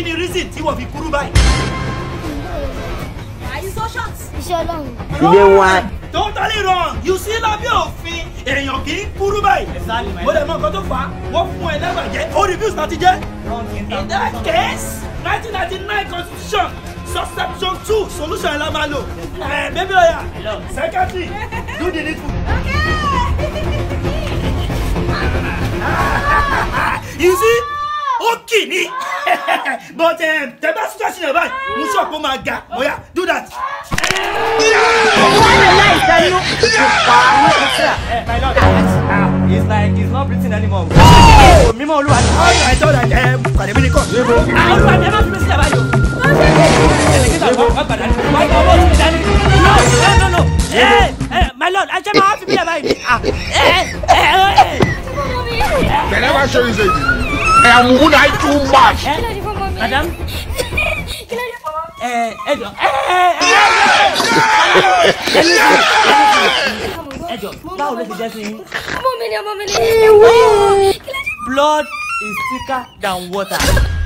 kí ni reason tí wọ́n fi kúrú báyìí. are you so short. iṣẹ́ ọlọ́run. ilé wa. totally wrong you see lábẹ́ òfin èèyàn kì í kúrú báyìí. mo lè mọ nǹkan tó fà á wọ́n fún ẹ lẹ́gbàjẹ́ ó reviews láti jẹ́. in that case nineteen ninety nine constitution subsection two solution la máa lò. ẹ bẹ́ẹ̀ bí ó yà secretary do the needful. you see ó kì ní but tẹ bá situation yẹn báyìí mo sọ pé ó máa ga ọ̀yà do that. wọ́n lè láì my lord it's like he's not breathing anymore. mímọ́ olúwa ni ọ̀rọ̀ ẹ̀ tọ́ra ẹ̀ pàdé mi ní kọ́. àwọn olúwa ni ẹ má fi mí sílẹ̀ báyìí my lord I just have to be báyìí. bẹ̀rẹ̀ Can ṣe show you something am would I too much. madam ẹ jọ ẹ jọ báwo ló ti jẹ́ sí yín. ọmọ mi ni ọmọ mi ni. blood is thicker than water.